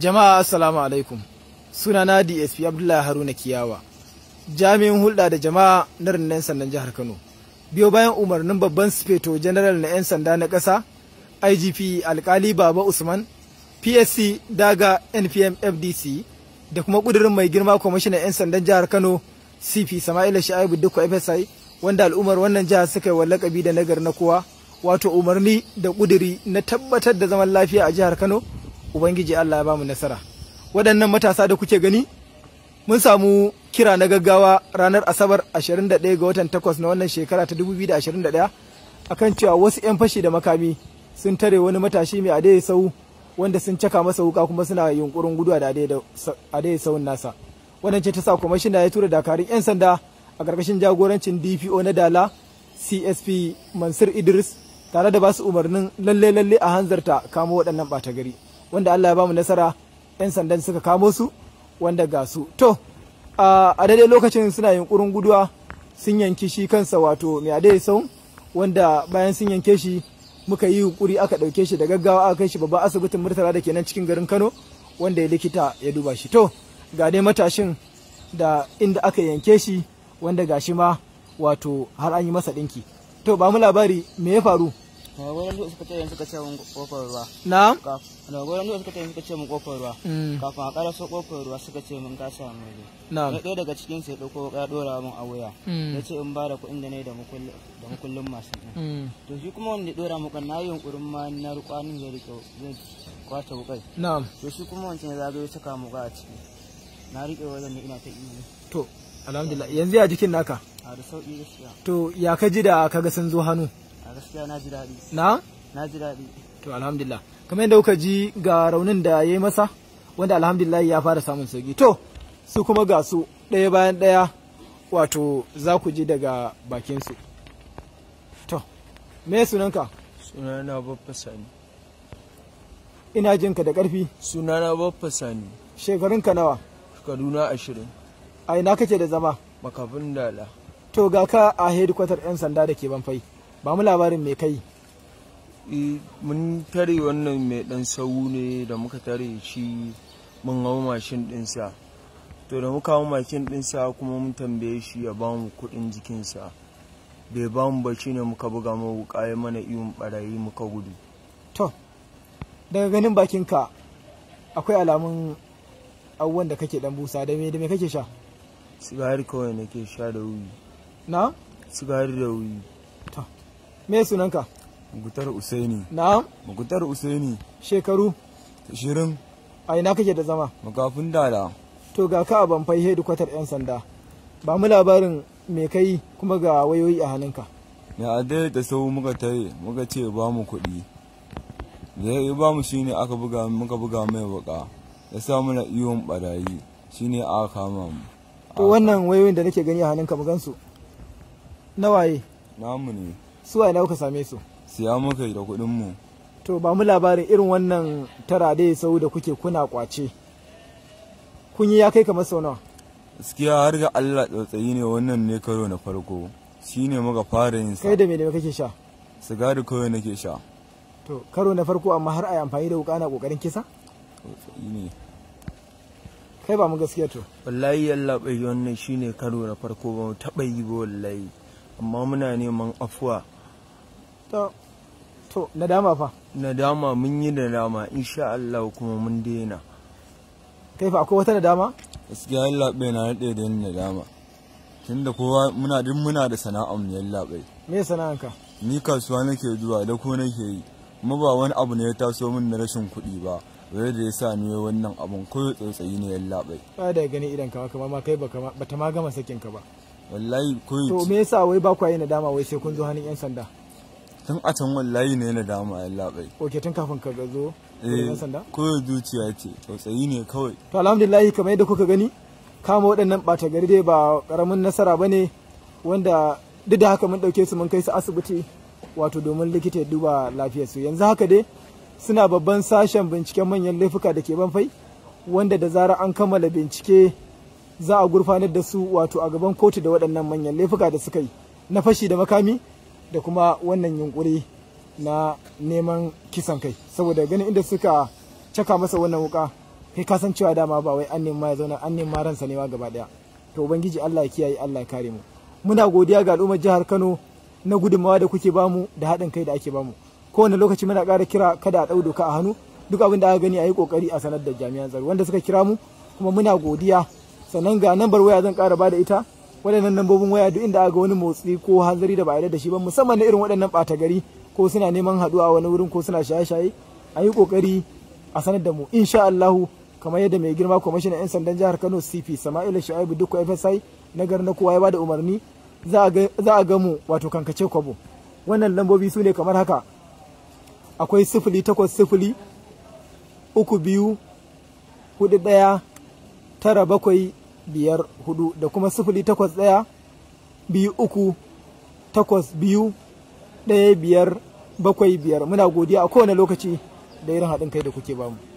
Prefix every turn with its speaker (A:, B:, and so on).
A: Jama'a assalamu alaikum. Sunana DSP Abdullahi Haruna Kiyawa. Jami'in hulɗa da jama'a na rundunar sandan jihar Kano. Biyo bayan umarnin babban sufeto general na 'yan sanda na ƙasa, IGP Alkali Baba Usman, PSC Daga NPM FDC da kuma ƙudurin mai girma kwamishinan 'yan sandan jihar Kano CP Sama'ila Sha'ibu Dukko FSI wanda al'ummar wannan jihar suka yi wallakabi da nagar na kowa wato umarni da ƙuduri na tabbatar da zaman lafiya a jihar Kano ubangiji Allah ya bamu nasara waɗannan matasa da kuke gani mun samu kira na gaggawa ranar asabar 21 ga watan 8 na wannan shekara ta 2021 akan cewa wasu 'yan fashi da makami sun tare wani matashi mai adai sau wanda sun caka masa wuka kuma suna yunkurin gudu da adai sau nasa wannan ce ta sa kwamishina ya tura dakarun 'yan sanda a ƙarƙashin jagorancin dpo na dala csp mansur idris tare da basu umarnin lalle-lalle a hanzarta kamo waɗannan ɓata gari wanda Allah ya bamu nasara 'yan sandan suka kamo su wanda ga su to a daidai lokacin suna yunkurin guduwa sun yanki shi kansa wato mai adai sau wanda bayan sun yanke shi muka yi yunkuri aka ɗauke shi da gaggawa aka kai shi babban asibitin murtala da kenan nan cikin garin kano wanda ya likita ya duba shi to ga dai matashin da inda aka yanke shi wanda ga shi ma wato har an yi masa ɗinki to ba mu labari me ya faru daga gurin dutse suka tare suka ce mun kofar ruwa na daga gurin dutse suka tare suka ce mun kofar ruwa mm. kafin a karaso kofar ruwa suka ce mun kasa mun ne na ɗaya daga cikin sai ɗauko ya ɗora mun a wuya mm. ya ce in ba da kuɗin da na yi da mukullin masu ɗin mm. to shi kuma wanda ya ɗora mu kan na yi yunƙurin ma na rukwanin zai riƙe zai kwace wuƙai na to shi kuma wancan ya zagayo saka mu ga a ciki na riƙe wajen da ina ta iya to alhamdulillah yanzu ya jikin naka
B: a da sauƙi gaskiya
A: to ya ka ji da kaga sun zo hannu
B: a gaskiya na ji daɗi na na ji daɗi
A: to alhamdulillah kamar yadda kuka ji ga raunin da ya yi masa wanda alhamdulillah ya fara samun sauki to su kuma ga su ɗaya bayan ɗaya wato za ku ji daga bakinsu to me sunanka sunana babba sani ina jinka da ƙarfi sunana babba sani shekarunka nawa kaduna ashirin a ina kake da zama makafin dala to ga ka a hedikwatar 'yan sanda da ke banfai ba mu labarin mai kai
B: mun tare wannan mai dan sau ne da muka tare shi mun hau mashin dinsa to da muka hau mashin dinsa kuma mun tambaye shi ya ba mu kudin jikinsa bai ba mu ba ne muka buga mu wuka ya mana iyon barayi muka gudu
A: to daga ganin bakinka akwai alamun abubuwan da kake dan busa da da me kake sha sigari kawai nake sha da wuyi na sigari da wuyi me sunanka mugutar usaini na'am mugutar usaini shekaru 20 a ina kake da zama makafin dada to ga ka ban banfai hedikwatar 'yan sanda ba mu labarin me kai kuma ga wayoyi a hannunka
B: me adai da sau muka tare muka ce ba mu kuɗi da ya yi ba mu shine aka buga muka buga mai baka ya sa mana iyon barayi shine aka kama mu
A: to wannan wayoyin da nake gani a hannunka mu gansu nawaye namu ne su a kuka same su
B: siya muka yi da kuɗin mu
A: to ba mu labarin irin wannan tara dai sau da kuke kuna kwace kun yi ya kai kamar sau nawa
B: gaskiya har ga Allah tsotsayi ne wannan ne karo na farko shine muka fara yin sa
A: kai da me da kake sha
B: sigari kawai nake sha
A: to karo na farko amma har a yi amfani da wuka na kokarin kisa
B: tsotsayi ne
A: kai ba mu gaskiya to
B: wallahi Allah bai wannan shine karo na farko ba mu taba yi ba wallahi amma muna neman afuwa
A: to nadama fa
B: nadama mun yi nadama insha Allah kuma mun daina
A: kai fa akwai wata nadama
B: gaskiya Allah bai na da da nadama tunda kowa muna din muna da sana'a mu yalla bai me ka ni kasuwa nake zuwa da ko nake yi kuma ba wani abu ne ya taso min na rashin kuɗi ba wai da ya sa ni wannan abun ko tsotsayi ne yalla bai
A: ba da gani idan ka kama ma kai ba bata ma gama sakin ka ba
B: wallahi ko to me
A: yasa wai ba ku yi nadama wai sai kun zo hannun yan sanda
B: tun a can wallahi ne na dama ya labai
A: ok tun kafin ka zo eh,
B: koyo zuciya ce tsautsayi ne kawai
A: to alhamdulillah kamar yadda kuka gani kama waɗannan ɓata gari dai ba ƙaramin nasara ba ne wanda duk da haka mun ɗauke su mun kai su asibiti wato domin likita ya duba lafiyarsu yanzu haka dai suna babban sashen binciken manyan laifuka da ke banfai wanda da zarar an kammala bincike za a gurfanar da su wato a gaban kotu da waɗannan manyan laifuka da suka yi na fashi da makami da kuma wannan yunkuri na neman kisan kai saboda ganin inda suka caka masa wannan wuka kai ka san cewa dama ba wai an nema ya zauna an nema ransa ne ma gaba daya to ubangiji Allah ya kiyaye Allah ya kare mu muna godiya ga al'ummar jihar Kano na gudunmawa da kuke bamu da haɗin kai da ake bamu kowane lokaci muna ƙara kira kada a ɗau doka a hannu duk abin da aka gani a yi ƙoƙari a sanar da jami'an tsaro wanda suka kira mu kuma muna godiya sannan ga nambar waya zan ƙara ba da ita wadannan lambobin waya duk inda aka wani motsi ko hanzari da ba yarda da shi ba musamman na irin waɗannan bata gari ko suna neman haɗuwa wani wurin ko suna shaye-shaye a yi ƙoƙari a sanar da mu insha Allahu kamar yadda mai girma kwamishinan 'yan sandan jihar Kano CP Sama'ila Shu'aibu duk FSI na garin na kowa ya bada umarni za a ga mu wato kankace kwabo wannan lambobi su ne kamar haka akwai sifili takwas sifili uku biyu hudu ɗaya tara bakwai biyar hudu da kuma sifili takwas ɗaya biyu uku takwas biyu ɗaya biyar bakwai biyar muna godiya a kowane lokaci da irin haɗin kai da kuke bamu.